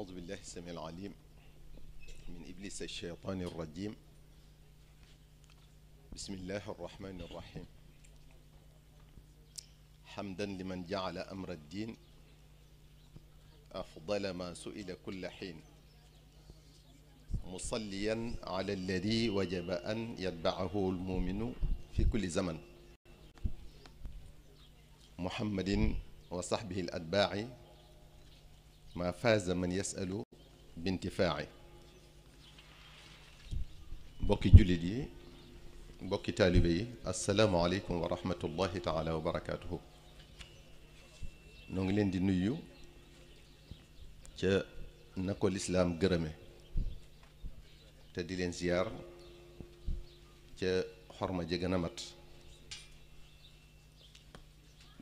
أعوذ بالله السميع العليم من إبليس الشيطان الرجيم بسم الله الرحمن الرحيم حمدا لمن جعل أمر الدين أفضل ما سئل كل حين مصليا على الذي وجب أن يتبعه المؤمن في كل زمن محمد وصحبه الأتباع ma faaza man yasalu bintifaa'i mbokki jullit yi mbokki taalibe yi asalaamualeykum wa rahmatullahi taala wa barakaatuhu noo ngi leen di nuyu ca na ko gërëme te di leen ziyaar ca xorma ja gën a mat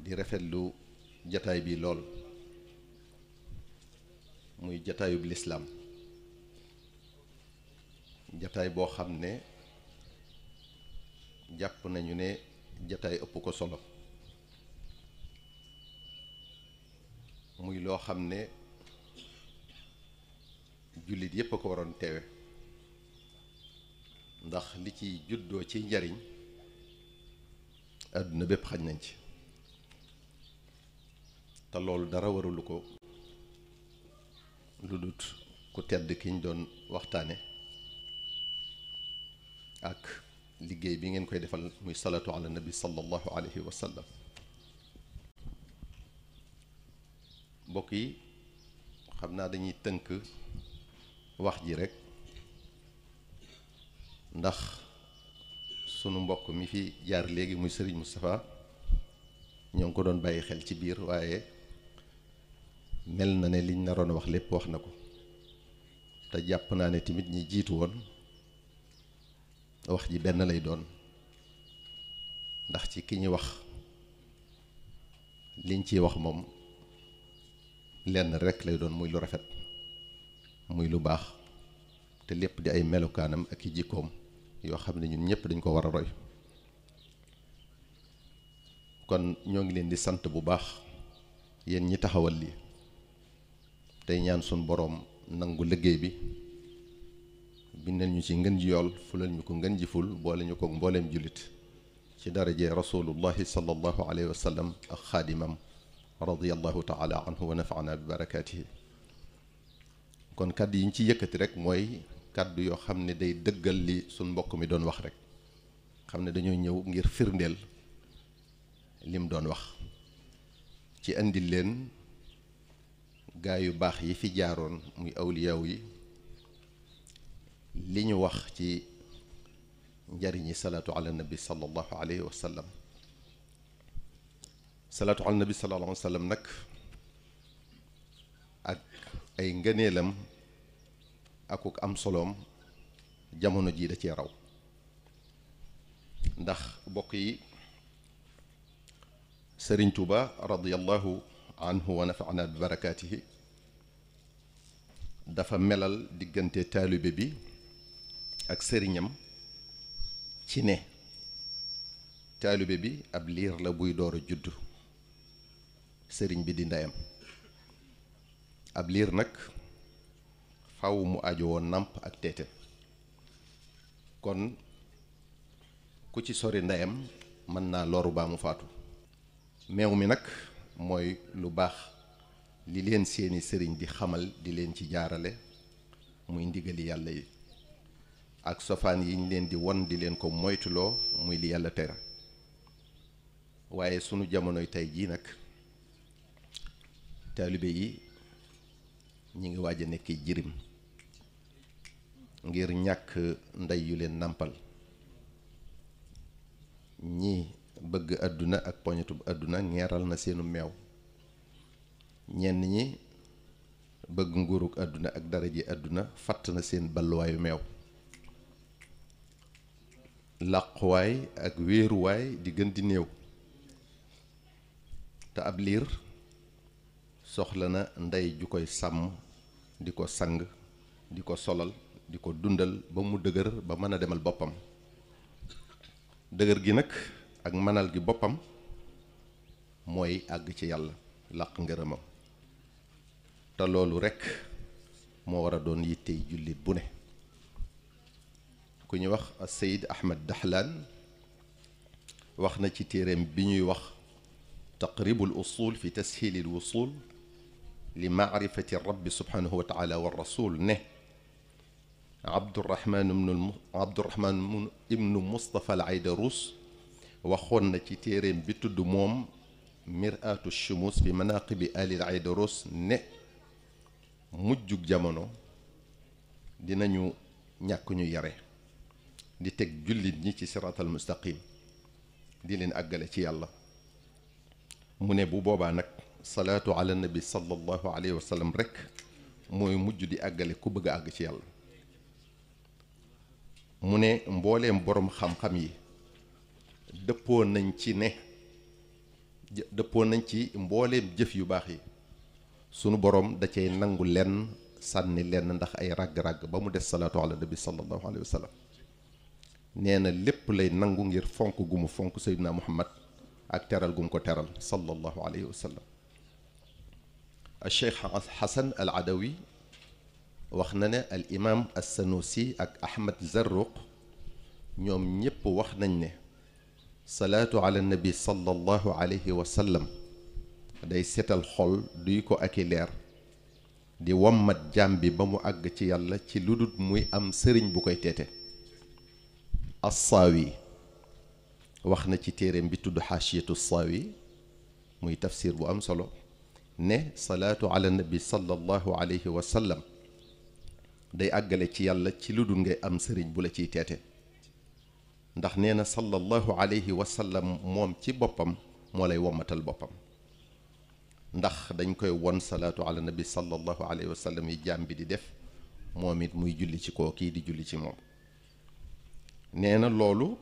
di rafetlu jataay bi lool muy jataayub lislaam jataay boo xam ne jàpp nañu ne jataay ëpp ko solo muy loo xam ne jullit yépp a ko waroon teewe ndax li ci juddoo ci njariñ àdduna bépp xaj nañ ci te loolu dara waralu ko lu dut ku tedd ki doon waxtaane ak liggéey bi ngeen koy defal muy salaatu ala nabi sallallahu alayhi wa sallam mbokk yi xam naa dañuy tënk wax ji rek ndax sunu mbokk mi fi jaar léegi muy Serigne Moustapha ñoo ngi ko doon bàyyi xel ci biir waaye mel na ne liñ naroon wax lépp wax na ko te jàpp naa ne tamit ñi jiitu woon wax ji benn lay doon ndax ci ki ñu wax liñ ci wax moom lenn rekk lay doon muy lu rafet muy lu baax te lépp di ay melokaanam ak i jikkoom yoo xam ne ñun ñëpp dañ ko war a roy kon ñoo ngi leen di sant bu baax yéen ñi taxawal lii day ñaan suñ boroom nangu liggéey bi bindal ñu ci ngën ji yool fulal ñu ko ngën ji ful boole ñu ko mbooleem jullit ci darajee rasulullahi sallallahu alayhi wa sallam ak xaadimam radiallahu taala anhu wa nafaana bi barakaatihi kon kàdd yi ñu ci yëkkati rek mooy kàddu yoo xam ne day dëggal li suñ mbokk mi doon wax rek xam ne dañoo ñëw ngir firndeel lim doon wax ci indi leen gaa yu baax yi fi jaaroon muy awliyaaw yi li ñu wax ci njariñi salaatu ala nabi sallallahu alayhi wa sallam salaatu ala nabi sallallahu alayhi wa sallam nag ak ay ngëneelam akuk am soloom jamono jii da cee raw ndax mbokk yi Sëriñ Tuuba radiyallahu anhu wa nafaana bi barakaatihi dafa melal diggante taalibe bi ak sëriñam ci ne taalibe bi ab liir la buy door a judd sëriñ bi di ndeyam ab liir nag faw mu aju woon nàmp ak teete kon ku ci sori ndeyam mën naa loru baa mu faatu meew mi nag mooy lu baax li leen seeni sëriñ di xamal di leen ci jaarale muy ndigali yàlla yi ak sofaan yi leen di won di leen ko moytuloo muy li yàlla tere waaye sunu jamonoy tey jii nag taalibe yi ñu ngi waaj a nekk jirim ngir ñàkk ndey yu leen nàmpal ñii bëgg àdduna ak poñetub àdduna ñeeral na seenu meew ñenn ñi bëgg nguurug àdduna ak dara ji àdduna fatt na seen balluwaayu meew làquwaay ak wéeruwaay di gën di néew te ab liir soxla na ndey ju koy sàmm di ko sang di ko solal di ko dundal ba mu dëgër ba mën a demal boppam dëgër gi nag ak manal gi boppam mooy àgg ci yàlla làq ngërëmam te loolu rekk moo war a doon yittey jullit bu ne ku ñu wax Sayid Ahmad Dahlan wax na ci téereem bi ñuy wax taqribul usul fi tashilil wusul li maarifati rabbi subhanahu wa taala wa rasul ne abdurahman ibnu abdurahman ibnu mustapha waxoon na ci téeréem bi tudd moom miratu chumus fi manaqibi alil aydaros ne mujjug jamono dinañu ñàkk ñu yare di teg jullit ñi ci siraatal mustaqim di leen àggale ci yàlla mu ne bu boobaa nag salaatu ala nabi sallallahu alayhi wa sallam rek mooy mujj di àggale ku bëgg a àgg ci yàlla mu ne mbooleem boroom xam-xam yi dëppoo nañ ci ne dëppoo nañ ci mbooleem jëf yu baax yi sunu boroom da cay nangu lenn sànni lenn ndax ay ràgg-ràgg ba mu des salaatu ala nabi sallallahu alayhi wa lépp lay nangu ngir fonk gu mu fonk sayyidina muhammad ak teral gum ko teral sallallahu alayhi wa sallam al cheikh hasan al adawi wax na ne al imam as sanusi ak ahmad zarruq ñoom ñépp wax nañ ne salaatu ala nabi sallallahu alayhi wa sallam day seetal xol duy ko ak i leer di wommat jaam bi ba mu àgg ci yàlla ci lu dul muy am sëriñ bu koy teete assaawi wax na ci téereem bi tudd xaashiyatu saawi muy tafsir bu am solo ne salaatu ala nabi sallallahu alayhi wa sallam day àggale ci yàlla ci lu dul ngay am sëriñ bu la ciy teete ndax nee na sallallahu alayhi wa sallam moom ci boppam moo lay wommatal boppam ndax dañ koy won salaatu ala nabi sallallahu alayhi wa sallam yi jaam bi di def moom it muy julli ci koo kii di julli ci moom nee na loolu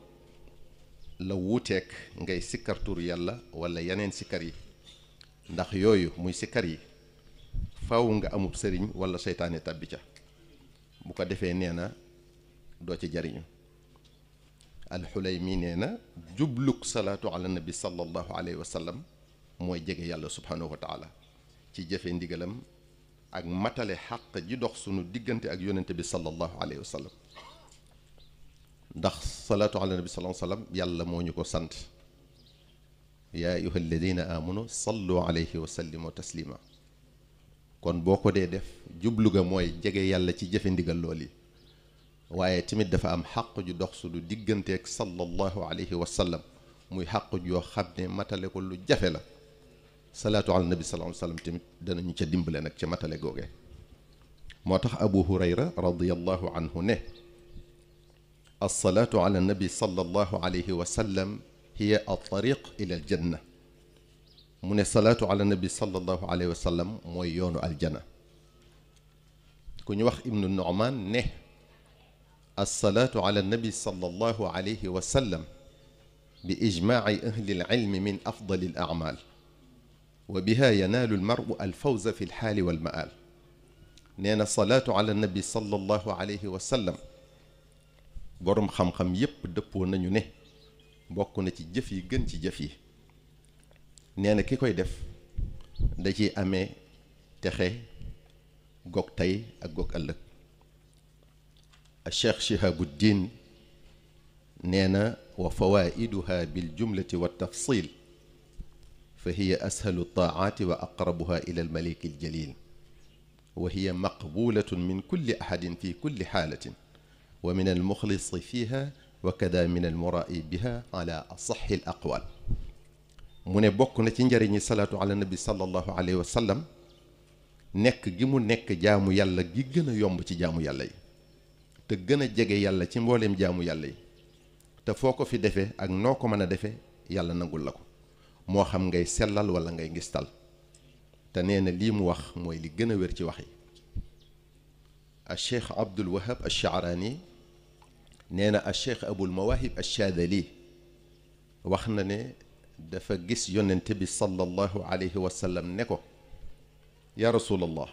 la wuuteeg ngay sikkar tur yàlla walla yeneen sikkar yi ndax yooyu muy sikkar yi faw nga amub sëriñ wala seytaane tàbbi ca bu ko defee nee na doo ci jariñu alxulaymi nee na jubluk salaatu ala nabi sallallahu alayhi wa sallam mooy jege yàlla subhaanahu wa taala ci jëfe ndigalam ak matale xàq ji dox sunu diggante ak yonente bi sallallahu alayhi wa sallam ndax salaatu ala nabi sallallahu alayhi wa sallam yàlla moo ñu ko sant yaa ayuha alladina amanu sallu alayhi wa sallimu taslima kon boo ko dee def jublu ga mooy jege yàlla ci jëfe ndigal lool yi waaye tamit dafa am xàq ju dox su lu digganteeg sallallahu alayhi wa sallam muy xàq yoo xam ne matale ko lu jafe la salaatu ala nabi sallallahu alayhi wa sallam tamit danañu ca dimbale nag ca matale googe moo tax abu hurayra radiyallahu anhu ne alsalaatu ala nabi sallallahu alayhi wa sallam hiya altariq ila aljanna mu ne salaatu ala nabi sallallahu alayhi wa sallam mooy yoonu aljana ku ñu wax ibnu nu'man ne alsalaatu ala annabi sallallahu alayhi wa sallam bi ijmaaci ahli alcilmi min afdali alacmaal wa biha yanaalu almaru alfawza fi alxaali walmaal nee na salaatu ala annabi sallallahu alayhi wa sallam boroom xam-xam yépp dëppoo nañu ne bokk na ci jëf yi gën ci jëf yi nee na ki koy def da ciy amee texe gog tey ak gog ëllëg cheikh Shihabuddin nee na wa fawaiduha bil jumlati wa tafsil fa hiya ashalu taati wa aqrabuha ila al malik al jalil wa hiya maqbulatun min kulli ahadin fi kulli xaalatin wa min al muxlisi fiha wa kada min al muraa'i biha ala asaxi al aqwal mu ne bokk na ci njëriñi salaatu ala nabi sallallahu alayhi wa sallam nekk gi mu nekk jaamu yàlla gi gën a yomb ci jaamu yàlla yi te gën a jege yàlla ci mbooleem jaamu yàlla yi te foo ko fi defee ak noo ko mën a defee yàlla nangul la ko moo xam ngay sellal wala ngay ngistal te nee na lii mu wax mooy li gën a wér ci wax yi a cheikh abdul wahab achaarani nee na a cheikh abul mawahib achadali wax na ne dafa gis yonente bi sallallahu alayhi wa sallam ne ko ya rasulallah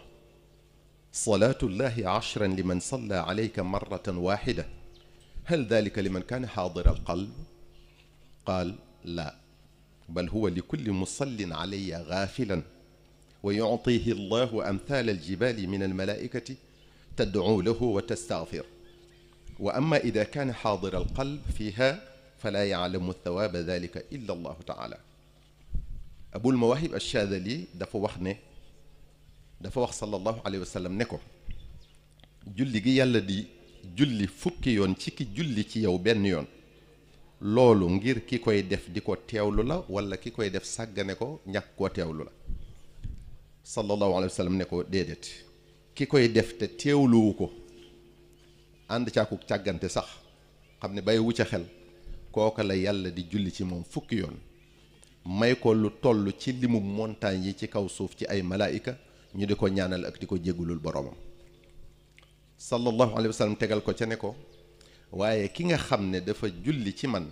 صلاة الله عشرا لمن صلى عليك مرة واحدة هل ذلك لمن كان حاضر القلب؟ قال لا بل هو لكل مصل علي غافلا ويعطيه الله أمثال الجبال من الملائكة تدعو له وتستغفر وأما إذا كان حاضر القلب فيها فلا يعلم الثواب ذلك إلا الله تعالى abul mawahib ash-Shadhili dafa wax ne dafa wax sallallahu alayhi wa sallam ne ko julli gi yàlla di julli fukki yoon ci ki julli ci yow benn yoon loolu ngir ki koy def di ko teewlu la wala ki koy def sàggane ko ñàkk koo teewlu la sallallahu alayhi wa sallam ne ko déedéet ki koy def te teewluwu ko ànd caaku càggante sax xam ne bay wu ca xel kooka la yàlla di julli ci moom fukki yoon may ko lu toll ci limu montagne yi ci kaw suuf ci ay malaayika ñu di ko ñaanal ak di ko jéggulul boroomam sallallahu alayhi wa tegal ko ca ne ko waaye ki nga xam ne dafa julli ci man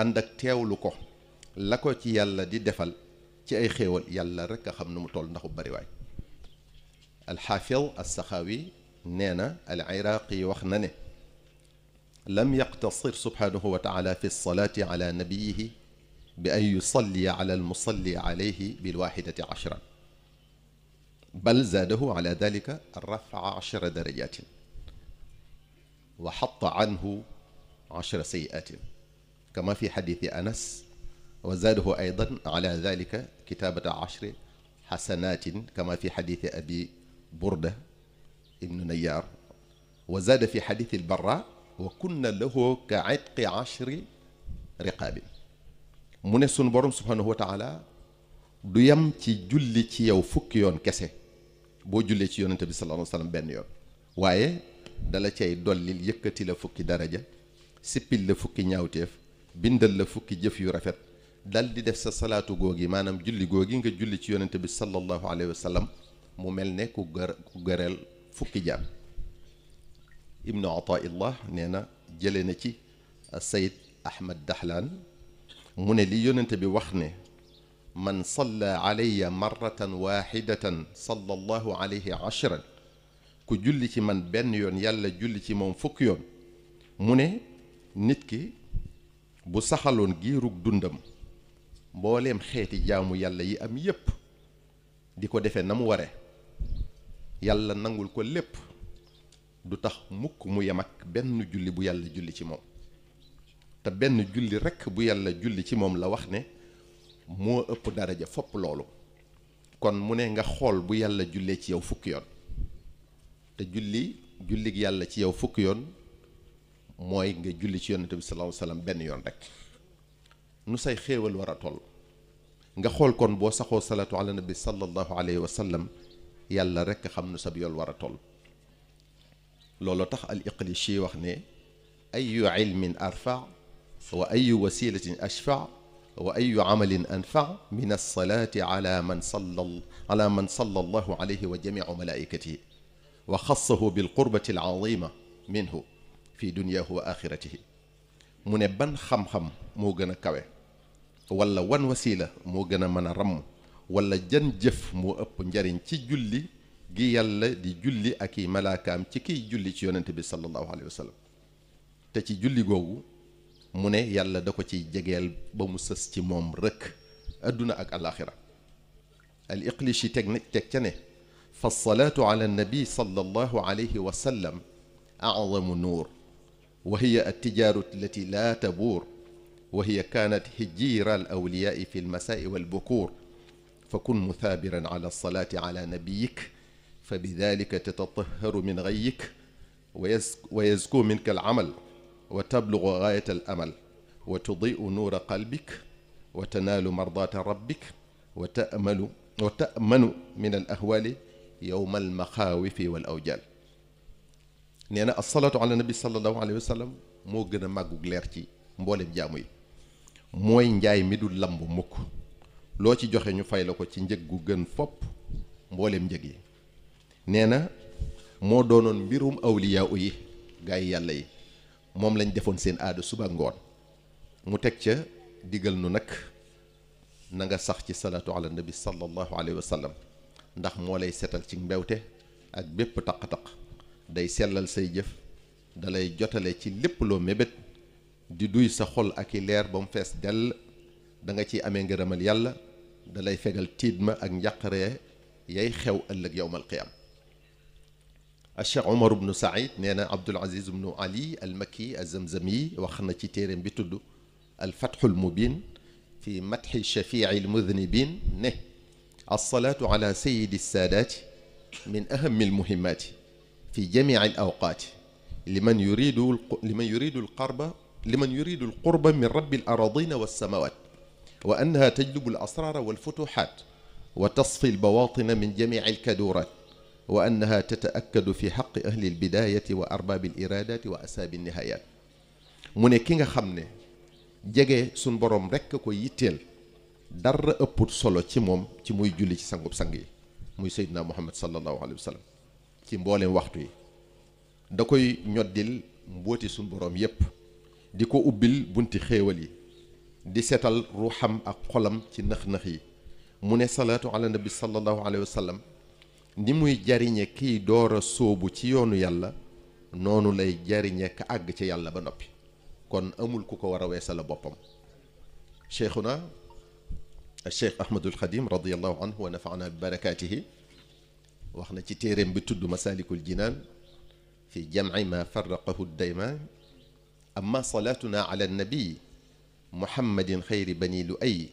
ànd ak teewlu ko la ko ci yàlla di defal ci ay xéewal yàlla rek a xam nu mu toll ndaxu bariwaay alxaafiz alsaxaawi nee na al iraaqi wax na ne lam yaqtasir subhaanahu wa taala fi lsalaati ala nabiyihi bi an yusalliya ala almusalli alayhi bilwaxidati ashran bal zaadahu ala dalika rafaa achara darajatin wa xatta anhu achara sayiatin kama fi xadiisi anas wa zaadahu aydan ala dalika kitaabata achri xasanaatin kama fi xadiisi abi burda ibnu nayaar wa zaada fi xadiisi albarra wa kunna lahu ka itqi achri riqaabin mu ne sunu borom subhanahu wa taala du yem ci julli ci yow fukki yoon kese boo jullee ci yonente bi sallallahu alayhi wasallam benn yoon waaye dala cay dollil yëkkati la fukki daraja sippil la fukki ñaawteef bindal la fukki jëf yu rafet dal di def sa salaatu googi maanaam julli googi nga julli ci yonente bi sallallahu alayhi wasallam mu mel ne ku gër ku gëreel fukki jaam ibnu ataillah nee na jële na ci sayid ahmad dahlaan mu ne li yonente bi wax ne man salla alayya marratan waxidatan sallallahu alayhi ku julli ci man benn yoon yàlla julli ci moom fukk yoon mu ne nit ki bu saxaloon giirug dundam mbooleem xeeti jaamu yàlla yi am yépp di ko defe na mu ware yàlla nangul ko lépp du tax mukk mu yem ak benn julli bu yàlla julli ci moom te benn julli rekk bu yàlla julli ci moom la wax ne moo ëpp daraja fopp loolu kon mu ne nga xool bu yàlla jullee ci yow fukki yoon te julli jullig yàlla ci yow fukki yoon mooy nga julli ci yonent bi sallallahu alayhi wasallam benn yoon rek nu say xéewal war a toll nga xool kon boo saxoo salaatu ala nabi sallallahu alayhi wa sallam yàlla rek xam nu sab yool war a toll loolu tax al iqlishi wax ne ayu ilmin arfa wa ayu wasilatin ashfa wa ayu amalin anfa min alsalaati ala man salla ala man salla allahu alayhi wa jamicu malaikatihi wa xassahu bilqurbati alazima minhu fi dunyahu wa axiratihi mu ne ban xam-xam moo gën a kawe wala wan wasiila moo gën a mën a ramm wala jan jëf moo ëpp njariñ ci julli gi yàlla di julli ak i malaakaam ci kiy julli ci yonente bi sallallahu alayhi wa te ci julli googu mu ne yàlla da ko ci jegeel ba mu sës ci moom rëkk adduna ak alaaxira al iqlishi teg na teg ca ne fa salaatu ala nabi sallallahu alayhi wa sallam azamu nuur wa hiya attijaaru allati laa tabuur wa hiya kaanat hijjiira al awliyaai fi lmasaai walbukuur fa kun muthaabiran ala salaati ala nabiyik fa bidalika tatataharu min gayik wa yazku minka al amal wa tablugu gaayata al amal wa tudiu nuura qalbik wa tanaalu mardaata rabbik wa tamalu wa tamanu min al ahwaali yowma al maxaawifi wal awjaal nee na asalaatu ala nabi salallahu moo gën a màggug leer ci mboolem jaamu yi mooy njaay mi du lamb mukk loo ci joxe ñu fay la ko ci njëg gu gën fopp mboolem njëg yi nee na moo doonoon mbirum awliyaa yi gaay yàlla yi moom lañ defoon seen aada suba ngoon mu teg ca digal nu nag na nga sax ci salaatu ala nabi sallallahu alayhi wa sallam ndax moo lay setal ci mbewte ak bépp taq-taq day sellal say jëf dalay jotale ci lépp loo mébét di duy sa xol ak i leer ba mu fees dell da nga ciy amee ngërëmal yàlla dalay fegal tiit ma ak njàqaree yay xew ëllëg yowmal qiyaam Cheikh Omar ibnu Saïd nee na Abdul Aziz ibnu Ali al Makki al Zamzami wax na ci téereem bi tudd al Fathul Mubin fi madhi shafiil mudnibin ne alsalaatu ala sayidi saadaati min ahami almuhimaati fi jamici al awqaati liman yuridu liman yuridu alqarba liman yuridu alqurba min rabbi alaradina walsamawat wa annaha tajlubu alasraara walfutuxaat wa tasfi albawaatina min jamici alkaduuraat wa annaha tataakkadu fi xaqi ahli lbidaayati wa arbaabi liraadaati wa asaabi nihayaat mu ne ki nga xam ne jege suñ borom rekk ko yitteel dara ëpput solo ci moom ci muy julli ci sangub sang yi muy seydina muhammad sallallahu alayhi wa sallam ci mbooleem waxtu yi da koy ñoddil mbooti suñ borom yépp di ko ubbil bunti xéewal yi di seetal ruuxam ak xolam ci nax-nax yi mu ne salaatu ala nabi sallallahu alayhi wa sallam ni muy jariñe kiy door a sóobu ci yoonu yàlla noonu lay jariñe ka àgg ci yàlla ba noppi kon amul ku ko war a weesala boppam cheikhuna cheikh ahmadul xadim radiallahu anhu wa nafaana bi barakaatihi wax na ci téeréem bi tudd masalikul jinaan fi jamci ma farraqahu daymaan amma salaatuna ala annabii muhammadin xayri bani lu ay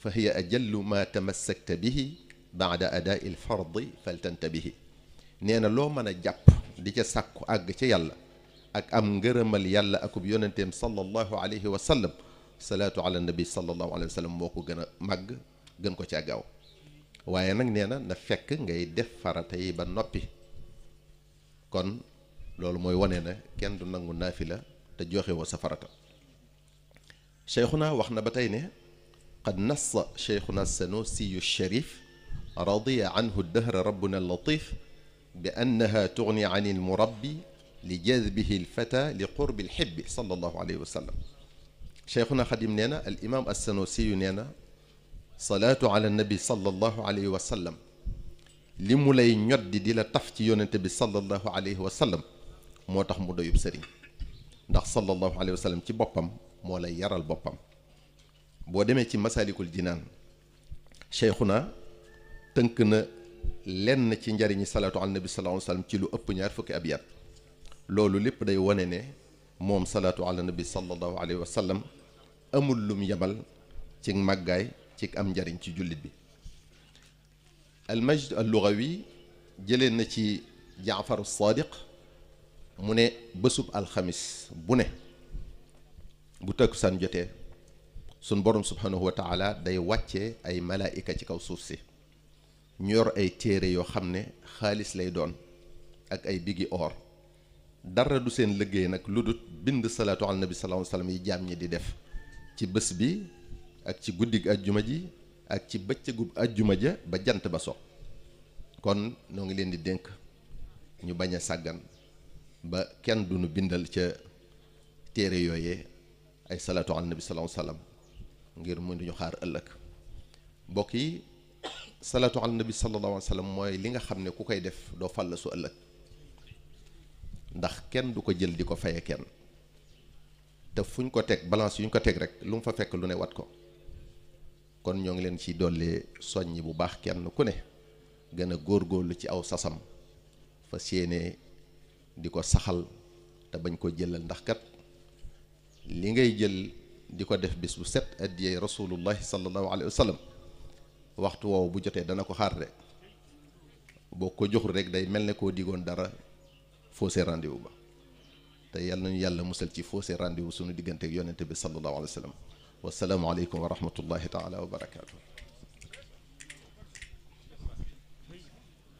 fa hiya ajallu ma tamassakta bihi daa adaa'i l fardi faltantabihi nee na loo mën a jàpp di ca sàkku àgg ca yàlla ak am ngërëmal yàlla akub yonenteem sallallahu alayhi wa sallam salaatu ala nabi sallallahu alayhi wa sallam moo ko gën a màgg gën ko caa gaaw waaye nag nee na na fekk ngay def farata yi ba noppi kon loolu mooy wane na kenn du nangu naafila te joxe woo sa farata cheikhuna wax na ba tey ne qad nassa cheikhuna sanusiyu sharif رضي عنه الدهر ربنا اللطيف بأنها تغني عن المربي لجذبه الفتى لقرب الحب صلى الله عليه وسلم شيخنا خادم nee na al imaam as-Sanusi yu nee na salaatu ala nabi sallallahu alayhi wa sallam li mu lay ñoddi di la taf ci yonente bi sallallahu alayhi wa sallam moo tax mu doyub sëriñ ndax sallallahu alayhi wa sallam ci boppam moo lay yaral boppam boo demee ci masalikul jinaan cheikhuna tënk na lenn ci njariñi salaatu ala nabi sallallahu alayhi wa sallam ci lu ëpp ñaar fukki abyaat loolu lépp day wane ne moom salaatu ala nabi sallallahu alayhi wa sallam amul lum yabal ci màggaay ci am njariñ ci jullit bi almajd allugawi jëlee na ci jaafaru sadiq mu ne bésub alxamis bu ne bu takkusaan jotee sun borom subhanahu wa taala day wàccee ay malaayika ci kaw suuf si ñu yor ay téere yoo xam ne xaalis lay doon ak ay bigi or dara du seen liggéey nag lu dut bind salaatu ala nabi sallallahu alayhi wasallam yi jaam ñi di def ci bés bi ak ci guddig ajjuma ji ak ci bëccëgub ajjuma ja ba jant ba so kon noo ngi leen di dénk ñu bañ a sàggan ba kenn du nu bindal ca téere yooyee ay salaatu ala nabi sallallahu alayhi wasallam ngir mënuñu xaar ëllëg mbokk yi salaatu ala nabi sallallahu alayhi wa sallam mooy li nga xam ne ku koy def doo su ëllëg ndax kenn du ko jël di ko faye kenn te fu ñu ko teg balance yu ñu ko teg rek lu mu fa fekk lu ne wat ko kon ñoo ngi leen ci dolli soññi bu baax kenn ku ne gën a góor góorgóorlu ci aw sasam fa séenee di ko saxal te bañ ko jëlal ndax kat li ngay jël di ko def bis bu set addiyey rasulullahi sallallahu alayhi wa sallam waxtu woowu bu jotee dana ko xaar de boo ko joxul rek day mel ni koo diggoon dara faussé rendez-vous ba te yal nañu yàlla musal ci faussé rendez-vous suñu digganteeg yonente bi sallallahu alayhi wa sallam wasalaamualeykum wa rahmatullahi taala wa